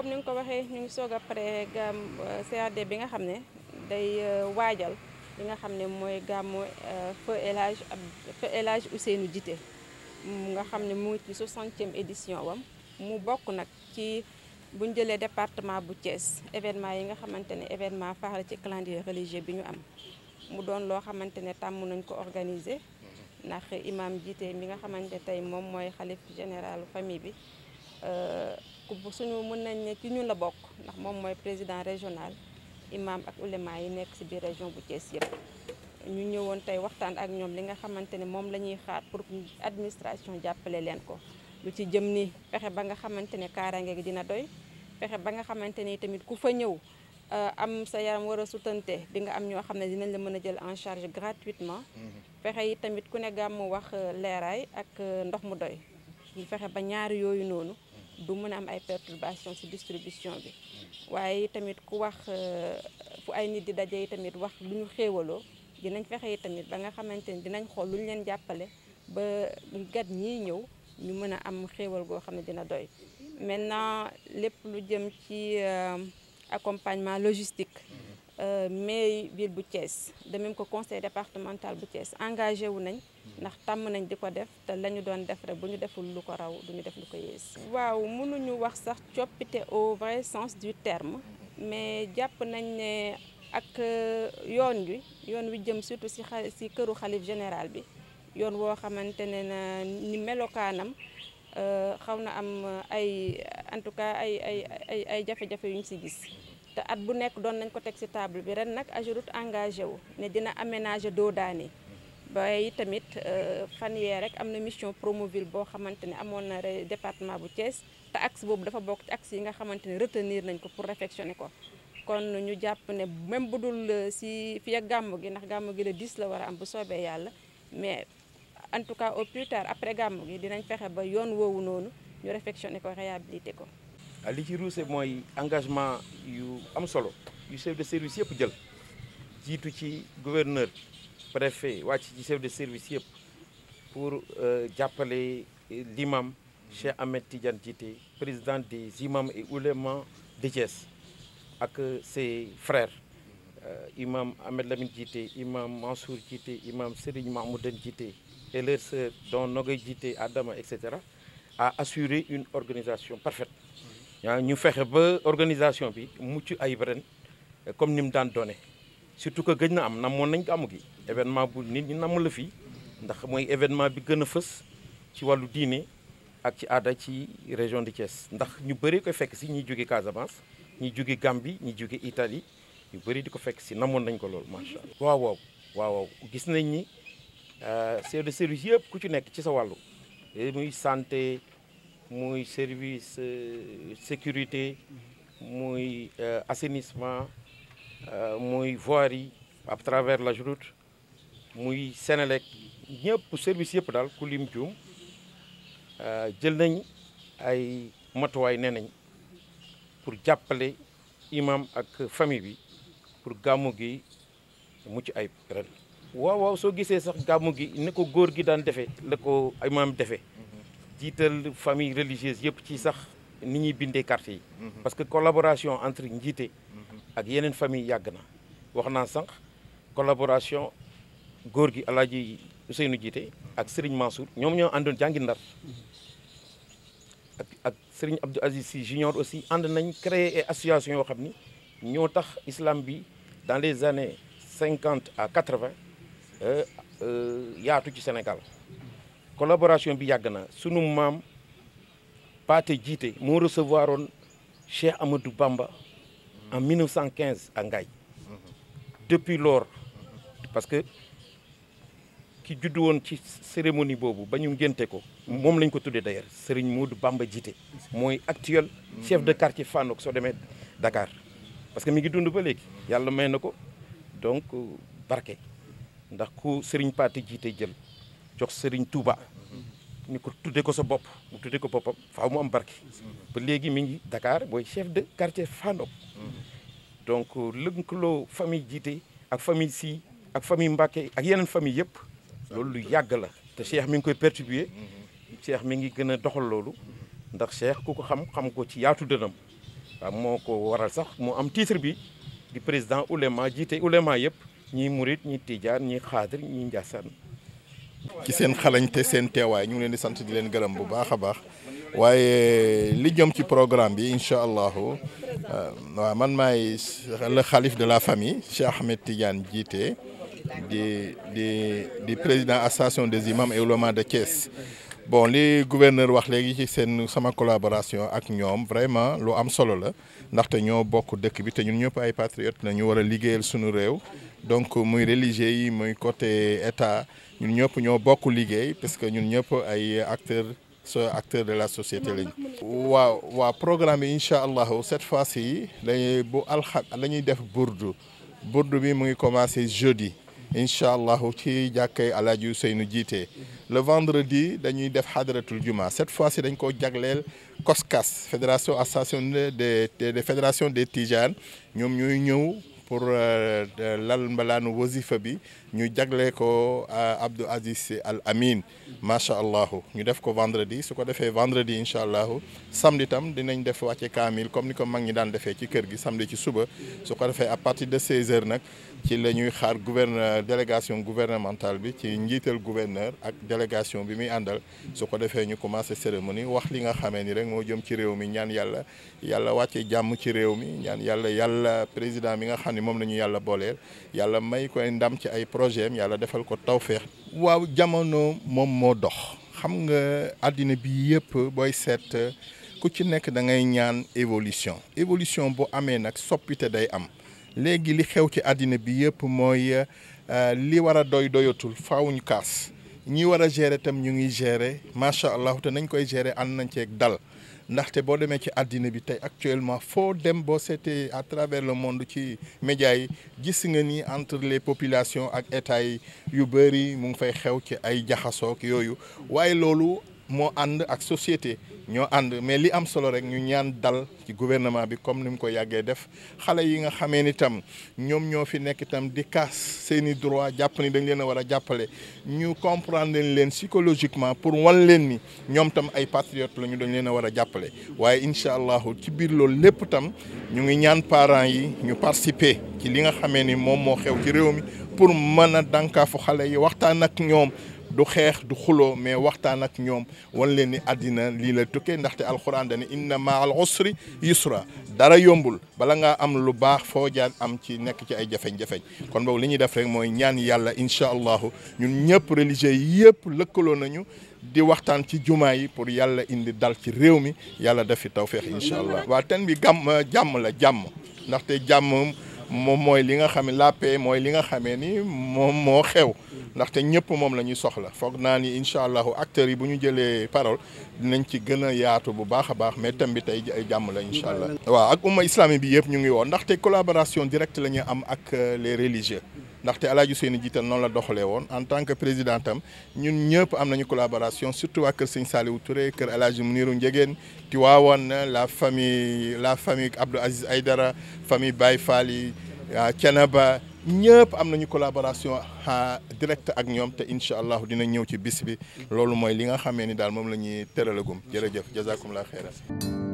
comme ni nga ko waxee ñu ngi soog a pare gam euh, CRD bi nga xam ne day euh, waajal li nga xam ne mooy gàmmu euh, feu élage Hadj ab feu El nga xam ne mu ngi ci soixantième édition wam mu bokk nag ci buñ jëlee département bu Thiès événement yi nga xamante ne événement phare ci clandier religieux bi ñu am mu doon loo xamante ne tàmm nañ ko organiser ndax imam Djité mi nga xamante tey moom mooy xalif général famille bi bu suñu mën nañ ne ci ñun la bokk ndax moom mooy président régional imam ak ulema yi nekk si biir région bu Thiès yëpp ñu ñëwoon tey waxtaan ak ñoom li nga xamante ne moom la ñuy xaar pour administration jàppale leen ko lu ci jëm ni fexe ba nga xamante ne kaaraange gi dina doy fexe ba nga xamante ni tamit ku fa ñëw euh, am sa yaram war a sutante di nga am ñoo xam ne dinañ la mën a jël en charge gratuitement mhm. fexe yi tamit ku ne gàmmu wax euh, leeraay ak euh, ndox mu doy ñu yooyu noonu du mën a am ay perturbation ci distribution bi mm. waaye tamit ku wax euh, fu ay nit di daje tamit wax lu ñu xéewaloo dinañ fexe tamit ba nga xamante ni dinañ xool lu ñu leen jàppale ba gat ñii ñëw ñu mën a am xéewal goo xam ne dina doy maintenant lépp lu jëm ci euh, accompagnement logistique mm. Euh, mairie ville bu Thiès de même que conseil départemental bu Thiès engagé wu nañ ndax tàmm nañ di ko def te lañu doon def rek bu ñu deful lu ko raw du ñu def lu ko yées waaw mënuñu wax sax coppite au vrai sens du terme mais jàpp nañ ne ak euh, yoon wi yoon wi jëm surtout si si këru xalif général bi yoon woo xamante ne na ni melokaanam euh, xaw na am ay en tout cas ay ay ay ay jafe-jafe yu ñu si gis te at bu nekk doon nañ ko teg ci table bi ren nag AGEROUTE engagé wu ne dina aménager Dodane bay tamit euh, fan yee rek am na mission Promoville boo xamante ne amoon na département bu Thiès te axe boobu dafa bokk ci axe yi nga xamante ne retenir nañ ko pour réfectionner ko kon ñu jàpp ne même bu dul euh, si fi ak gàmmu gi ndax gàmmu gi la 10 la war a am bu soobee yàlla mais en tout cas au plus tard après gàmmu gi dinañ fexe ba yoon woowu noonu ñu réfectionner ko réhabiliter ko Ah, li ci ruuse mooy engagement yu am solo yu chef de service yëpp jël jiitu ci gouverneur préfet wàcc ci sef de service yëpp pour euh, jàppale euh, l'imam Cheikh Ahmed Tidiane Djité président des imams et oulémas de Thiès ak euh, ses frères imam Ahmed Lamine Djité imam Mansour Djité imam Serigne Mahmoudane jiite et leurs don dont Nogoy Djité Adama etc. a assuré une organisation parfaite waaw ñu fexe ba organisation bi mucc ay ren comme ni mu daan doone surtout que gëj na am namoon nañ ko amu gi événement bu nit ñi namu la fii ndax mooy événement bi gën a fës ci wàllu diine ak ci aada ci région de Thiès ndax ñu bëri ko fekk si ñuy jóge Casamance ñuy jóge Gambie ñu jóge itali ñu bëri di ko fekk si namoon nañ ko lool macha waaw waaw waaw gis nañ ni euh, chef de service yëpp ku ci nekk ci sa wàllu muy santé. muy service euh, sécurité muy euh, assainissement euh, muy voirie à travers la route muy Sénélec ñëpp service yëpp daal ku lim juum jël nañ ay matuwaay nee nañ pour jàppale imam ak famille bi pour gàmmu gi mucc ay ren. waaw waaw soo gisee sax gàmmu gi ni ko góor gi daan defee la ko imam defee. jiital famille religieuse yëpp ci sax ni ñuy bindee carte yi. Mhm. parce que collaboration entre njiite. Mhm. ak yeneen famille yàgg na. wax naa sànq collaboration góor gi El Hadj Ousseynou jiite ak Serigne Mansour ñoom ñoo àndoon jàngi ndar ak ak Serigne Abdou Aziz junior aussi ànd nañ créer ay association yoo xam ni ñoo tax islam bi dans les années cinquante à quatre-vingt euh, euh, yaatu ci Sénégal. collaboration bi yàgg na sunu maam Paate Jiite moo recevoir oon Cheikh Amadou Bamba en 1915 à depuis lors parce que ki judd woon ci cérémonie boobu ba ñu ngénte ko moom lañ ko tuddee d'ailleurs Serigne du Bamba Jiite mooy actuel chef de quartier Fanok soo demee Dakar parce que mi ngi dund ba léegi yàlla may na ko donc euh, barke ndax ku Serigne Paate Jiite jël jox Serigne Touba ni ko tuddee ko sa bopp mu tuddee ko boppam faaw mu am barke. ba léegi mi ngi Dakar mooy chef de quartier Fandop. donc lëkkaloo famille jiite ak famille si ak famille Mbacke ak yeneen famille yëpp loolu lu yàgg la te Cheikh mi ngi koy perpétuer Cheikh mi ngi gën a doxal loolu ndax Cheikh ku ko xam xam ko ci yaatu dënam waaw moo ko waral sax moo am titre bi di président ouléma jiite ouléma yëpp ñii murit ñii tiijaan ñii xaadir ñii njaasaan ci seen xalañte seen teewaay ñu ngi leen di sant di leen gërëm bu baax a baax waaye li jëm ci programme bi incha allahu euh, waa man maay le xalif de la famille Cheikh Ahmed Tidiane jiite di di di président association des imams et oulémas de Thiès. bon li gouverneur wax léegi ci seen sama collaboration ak ñoom vraiment lu am solo la ndaxte ñoo bokk dëkk bi te ñun ñëpp ay patriotes nañu ñu war a liggéeyal suñu réew donc muy religieux yi muy côté état ñun ñëpp ñoo bokk liggéey parce que ñun ñëpp ay acteurs acteurs de la société lañu. waa waaw programme bi incha allahu cette fois ci dañuy bu alxam la ñuy def burdu burdu bi mu ngi commencé jeudi. incha allahu ci jàkkay alaaji Ousseynou jiite le vendredi dañuy def xadaratul juma cette fois si dañ ko jagleel COSCAS fédération association de de fédération des Tijanes ñoom ñooy ñëw pour euh, lal mbalaanu wasifa bi ñu jagle ko euh, Abdou Aziz Al Amin macha allah ñu def ko vendredi su ko defee vendredi incha allah samedi tam dinañ def wàcce kaamil comme ni ko mag ñi daan defee ci kër gi samedi ci suba su ko defee à partir de 16 heure nag. ci la ñuy xaar gouverneur délégation gouvernementale bi ci njiital gouverneur ak délégation bi muy àndal su ko defee ñu commencé cérémonie wax li nga xamee ni rek moo jëm ci réew mi ñaan yàlla yàlla wàcce jàmm ci réew mi ñaan yàlla yàlla président mi nga xam ne moom la ñu yàlla booleel yàlla may koy ndam ci ay projet am yàlla defal ko tawféex. waaw jamono moom moo dox xam nga àddina bi yëpp booy seet ku ci nekk da ngay ñaan évolution évolution bu amee nag soppite day am. léegi li xew ci àddina bi yëpp mooy euh, li war a doy doyatul faw faawuñu kaas ñi war a gérer itam ñu ngi gérer macha allah te nañ koy gérer ànd nañ ceeg dal ndaxte boo demee ci àddina bi tey actuellement foo dem boo seetee à travers le monde ci médias yi gis nga ni entre les populations ak états yi yu bëri mu ngi fay xew ci ay jaxasook yooyu waaye loolu moo ànd ak société ñoo ànd mais li am solo rek ñu ñaan dal ci gouvernement bi comme ni mu ko yàggee def xale yi nga xamee ni tam ñoom ñoo fi nekk itam di kaas seeni droit jàpp ni dañ leen a war a jàppale ñu comprendre leen psychologiquement pour wan leen ni ñoom tam ay patriotes la ñu dañ leen a war a jàppale waaye incha allahu ci biir loolu lépp tam ñu ngi ñaan parent yi ñu participer ci li nga xamee ni moom moo xew ci réew mi pour mën a dànkaafu xale yi waxtaan ak ñoom du xeex du xuloo mais waxtaan ak ñoom wan leen ni àddina lii la tukkee ndaxte alxuraan dane inna ma al usri yusra dara yombul bala ngaa am lu baax foo jaar am ci nekk ci ay jafeñ-jafeñ kon boog li ñuy def rek mooy ñaan yàlla incha allah ñun ñëpp religieux yëpp lëkkaloo nañu di waxtaan ci jumaa yi pour yàlla indi dal ci réew mi yàlla def fi tawféex incha allah. waa ten bi gàmm jàmm la jàmm ndaxte jàmm. moom mooy li nga xam ne la mooy li nga xamee ni moom moo xew ndaxte ñëpp moom la ñuy soxla foog naa ni incha allahu acteurs yi bu ñu jëlee parole dinañ ci gën a yaatu bu baax a baax mais thème bi tey ay jàmm la incha allah. waaw ak umma islami bi yëpp ñu ngi woon ndaxte collaboration direct la ñu am ak euh, les religieux. ndaxte El Hadj Ousseynou Jiital noonu la doxalee woon en tant que président am ñun ñëpp am nañu collaboration surtout waa kër Sëñ Saliou Touré kër El Hadj Mounirou Ndiégène Tivaouane la famille la famille Abdou Aziz Aïdara famille Baye Fall yi ah, Thiénaba ñëpp am nañu collaboration ah, direct ak ñoom te incha allah dina ñëw ci bis bi loolu mooy li nga xamee ni daal moom la ñuy tëralagum jërëjëf jazakumullah xeyran